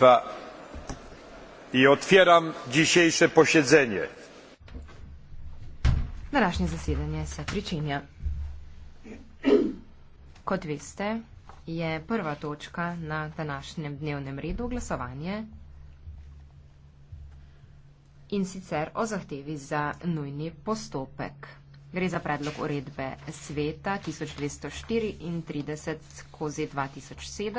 państwa i otwieram dzisiejsze posiedzenie. Današnje zasedanje se pričenja. Kot veste, je prva točka na današnjem dnevnem redu glasovanje in sicer o zahtevi za nujni postopek. Gre za predlog uredbe sveta 1234 skozi 2007